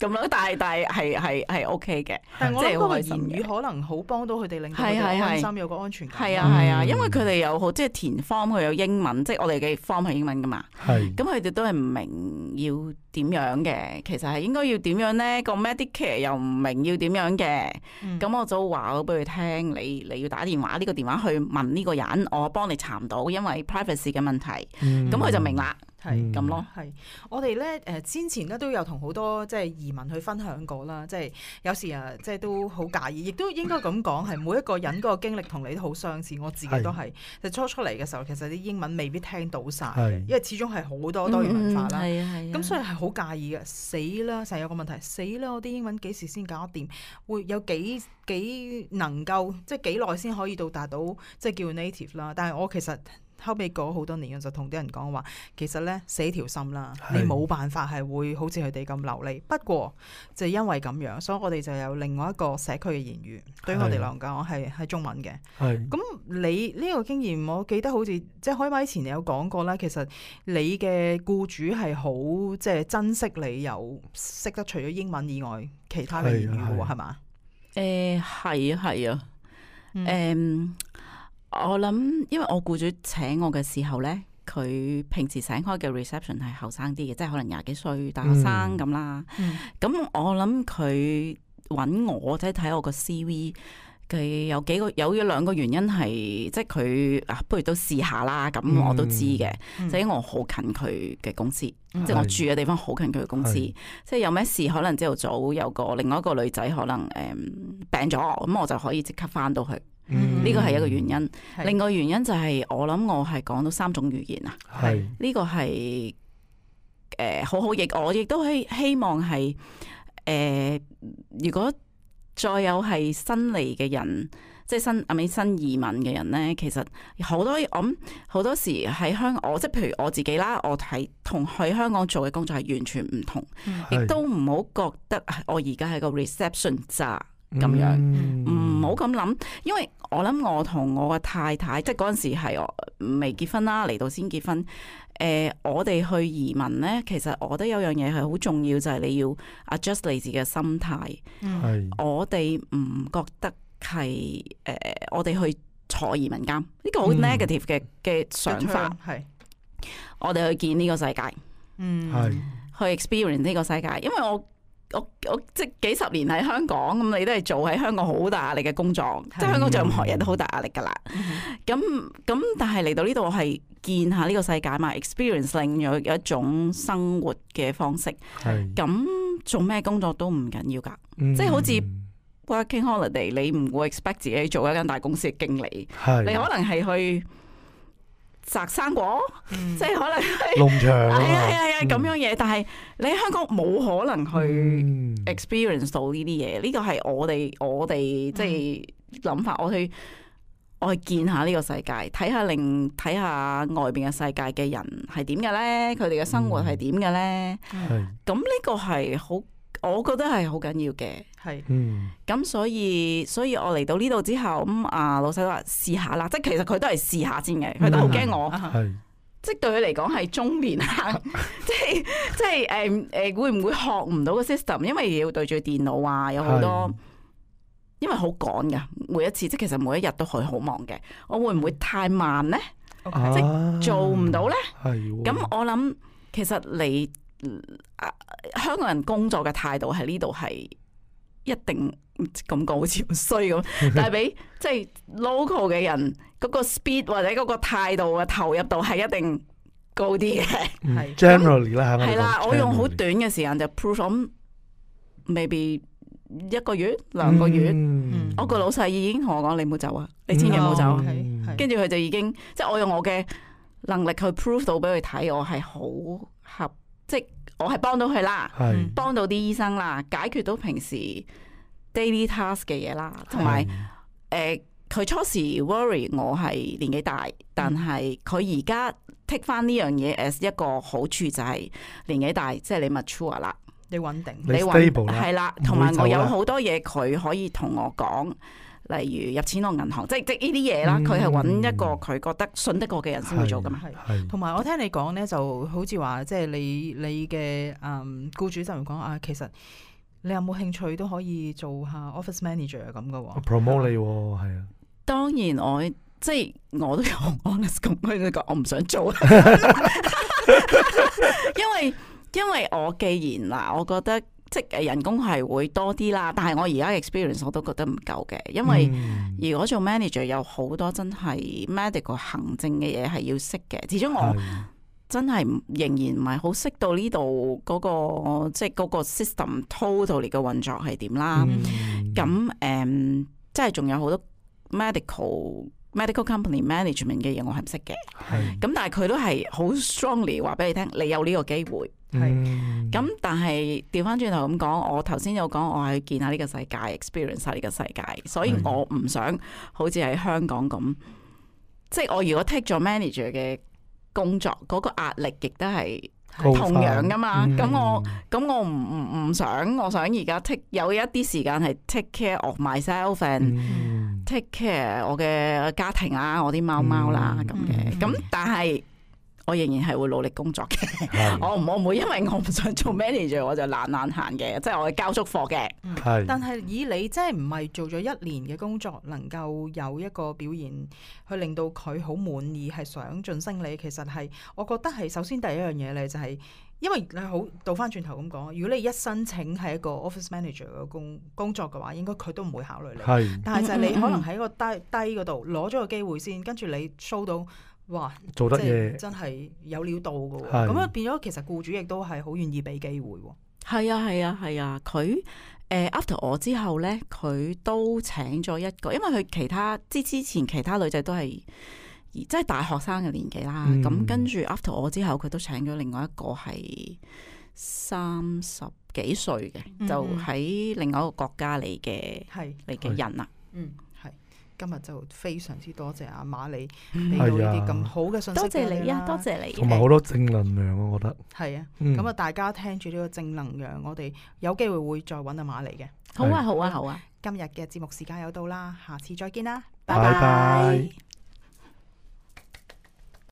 咁咯，大大但係係係 O K 嘅，但係、okay、個言語，言語可能好幫到佢哋，令佢哋安心是是是，有個安全感是是是。係啊係啊，因為佢哋有好即係填 form 佢有英文，即係我哋嘅 form 係英文噶嘛。係是，咁佢哋都係唔明要點樣嘅。其實係應該要點樣咧？個 Medicare 又唔明要點樣嘅。咁、嗯、我就話咗俾佢聽，你你要打電話呢、這個電話去問呢個人，我幫你查唔到，因為 privacy 嘅問題。咁佢、嗯嗯、就明啦。係咁咯，係是、嗯、我哋咧誒，之、呃、前咧都有同好多即係移民去分享過啦，即係有時啊，即係都好介意，亦都應該咁講，係 每一個人嗰個經歷同你都好相似，我自己都係，就是初出嚟嘅時候，其實啲英文未必聽到晒，是因為始終係好多多元文化啦，咁、嗯啊、所以係好介意嘅，死啦、啊！成日有個問題，死啦、啊啊！我啲英文幾時先搞得掂？會有幾幾能夠即係幾耐先可以到達到即係叫，叫 native 啦？但係我其實。後尾過咗好多年，我就同啲人講話，其實咧死條心啦，是你冇辦法係會好似佢哋咁流利。不過就因為咁樣，所以我哋就有另外一個社區嘅言語，的對於我哋嚟講係係中文嘅。係的。咁你呢個經驗，我記得好似即係開咪前你有講過啦。其實你嘅僱主係好即係珍惜你有識得除咗英文以外其他嘅言語嘅係嘛？誒係啊係啊誒。我諗，因為我僱主請我嘅時候咧，佢平時醒開嘅 reception 係後生啲嘅，即係可能廿幾歲大學生咁啦。咁、嗯、我諗佢揾我即係睇我個 CV，佢有幾個有一兩個原因係，即係佢啊，不如都試下啦。咁我都知嘅，就因為我好近佢嘅公司，嗯、即係我住嘅地方好近佢嘅公司。是即係有咩事，可能朝頭早有個另外一個女仔可能誒、嗯、病咗，咁我就可以即刻翻到去。呢個係一個原因，是另外原因就係、是、我諗我係講到三種語言啊。係呢是個係誒好好，亦我亦都希希望係誒、呃，如果再有係新嚟嘅人，即係新阿美新移民嘅人咧，其實好多我諗好多時喺香港，我即係譬如我自己啦，我睇同喺香港做嘅工作係完全唔同，亦、嗯、都唔好覺得我而家係個 reception 咋。咁樣，唔好咁諗，因為我諗我同我個太太，即係嗰陣時係我未結婚啦，嚟到先結婚。誒、呃，我哋去移民咧，其實我覺得有樣嘢係好重要，就係、是、你要 adjust 自己嘅心態、嗯呃。我哋唔覺得係誒，我哋去坐移民監，呢、這個好 negative 嘅嘅想法。係、嗯、我哋去見呢個世界，嗯，係去 experience 呢個世界，因為我。我我即幾十年喺香港咁，嗯，你都係做喺香港好大壓力嘅工作，的即係香港做任何人都好大壓力噶啦。咁咁，嗯，但係嚟到呢度係見下呢個世界嘛，嗯、experiencing 有一種生活嘅方式。咁的做咩工作都唔緊要噶，嗯，即係好似 working holiday，你唔會 expect 自己做一間大公司嘅經理，的你可能係去。摘生果，嗯、即係可能係農場，係啊係啊係啊，咁 樣嘢。嗯、但係你喺香港冇可能去 experience 到呢啲嘢，呢個係我哋我哋即係諗法。嗯、我去，我去見下呢個世界，睇下另睇下外邊嘅世界嘅人係點嘅咧，佢哋嘅生活係點嘅咧。咁呢、嗯嗯、個係好。我覺得係好緊要嘅，係是，咁所以所以我嚟到呢度之後，咁啊老細都話試下啦，即係其實佢都係試下先嘅，佢都好驚我，即係對佢嚟講係中年。啊，即係即係誒誒，會唔會學唔到個 system？因為要對住電腦啊，有好多，是因為好趕噶，每一次即係其實每一日都去好忙嘅，我會唔會太慢咧？啊、即係做唔到咧？咁的我諗其實你。嗯、香港人工作嘅態度喺呢度係一定感覺，好似好衰咁。但係俾 即係 local 嘅人嗰、嗰個 speed 或者嗰個態度嘅投入度係一定高啲嘅。係 generally 啦，係啦，是是的我用好短嘅時間就 proof 咁，maybe 一個月兩個月，嗯嗯、我個老細已經同我講、嗯、你唔好走啊，你千祈唔好走、啊。跟住佢就已經即係我用我嘅能力去 proof 到俾佢睇，我係好合。即我係幫到佢啦，幫是到啲醫生啦，解決到平時 daily task 嘅嘢啦，同埋誒，佢是、呃、初時 worry 我係年紀大，嗯、但係佢而家 take 翻呢樣嘢 as 一個好處就係年紀大，即係你 mature 啦，你穩定，你 stable 係啦，同埋我有好多嘢佢可以同我講。例如入錢落銀行，即係即係呢啲嘢啦。佢係揾一個佢覺得信得過嘅人先去做噶嘛。係係的。同埋的我聽你講咧，就好似話即係你你嘅誒僱主就講啊，其實你有冇興趣都可以做下 office manager 咁嘅喎。promote 你喎，係啊。當然我的即係我都有 honest 咁佢哋講，我唔想做。因為因為我既然嗱，我覺得。即係人工係會多啲啦，但係我而家 experience 我都覺得唔夠嘅，因為如果做 manager，嗯、有好多真係 medical 行政嘅嘢係要識嘅，始終我真係仍然唔係好識到呢度嗰個即係個 system total 嚟嘅運作係點啦。咁誒、嗯，um, 即係仲有好多 medical。Medical company management 嘅嘢我係唔識嘅，咁是但係佢都係好 strongly 話俾你聽，你有呢個機會。係、嗯，咁但係調翻轉頭咁講，我頭先有講，我係見下呢個世界，experience 下呢個世界，所以我唔想好似喺香港咁，是即係我如果 take 咗 manager 嘅工作，嗰、嗰個壓力亦都係。同樣噶嘛，咁、嗯、我咁我唔唔唔想，我想而家 take 有一啲時間係 take care of myself and take care of family,、嗯、我嘅家庭啦、啊，我啲貓貓啦咁嘅，咁但係。我仍然係會努力工作嘅是，我唔我唔會，因為我唔想做 manager，我就懶懶閒嘅，即係我交足貨嘅、嗯。但係以你即係唔係做咗一年嘅工作，能夠有一個表現去令到佢好滿意，係想晉升你，其實係我覺得係首先第一樣嘢咧，就係因為你好倒翻轉頭咁講，如果你一申請係一個 office manager 嘅工工作嘅話，應該佢都唔會考慮你。是但係就係你可能喺個低 低度攞咗個機會先，跟住你 show 到。哇，做得真係有料到嘅喎，咁啊是變咗其實僱主亦都係好願意俾機會喎。係啊係啊係啊，佢誒 after 我之後呢，佢都請咗一個，因為佢其他之之前其他女仔都係即係大學生嘅年紀啦。咁、嗯、跟住 after 我之後，佢都請咗另外一個係三十幾歲嘅，就喺另外一個國家嚟嘅，係嚟嘅人啦，嗯。今日就非常之多謝阿馬里俾到呢啲咁好嘅信息，多謝你啊，你多謝你、啊。同埋好多正能量啊，欸、我覺得。係啊，咁啊、嗯，大家聽住呢個正能量，我哋有機會會再揾阿馬里嘅。好啊，是，好啊，好啊，好啊、嗯。今日嘅節目時間又到啦，下次再見啦，拜拜。拜拜。